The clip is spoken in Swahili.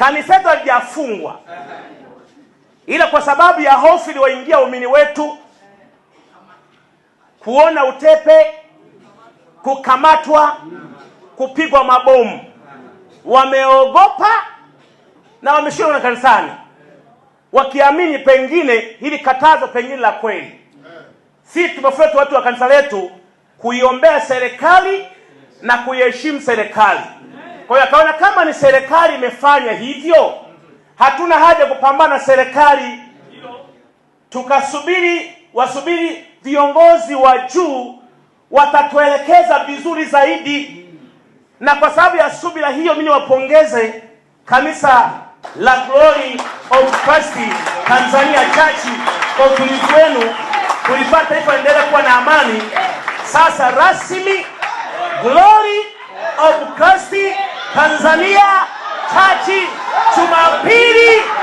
Kanisa letu halijafungwa, ila kwa sababu ya hofu iliyoingia waumini wetu, kuona utepe, kukamatwa, kupigwa mabomu, wameogopa na wameshindwa na kanisani, wakiamini pengine hili katazo pengine la kweli. si tumefuata watu wa kanisa letu kuiombea serikali na kuiheshimu serikali. Kwa hiyo akaona kama ni serikali imefanya hivyo, hatuna haja kupambana serikali, tukasubiri wasubiri viongozi wa juu watatuelekeza vizuri zaidi. Na kwa sababu ya subira hiyo, mimi niwapongeze kanisa la Glory of Christ Tanzania Church kwa utulivu wenu kulipata taifa endelee kuwa na amani. Sasa rasmi Glory Tanzania chachi Jumapili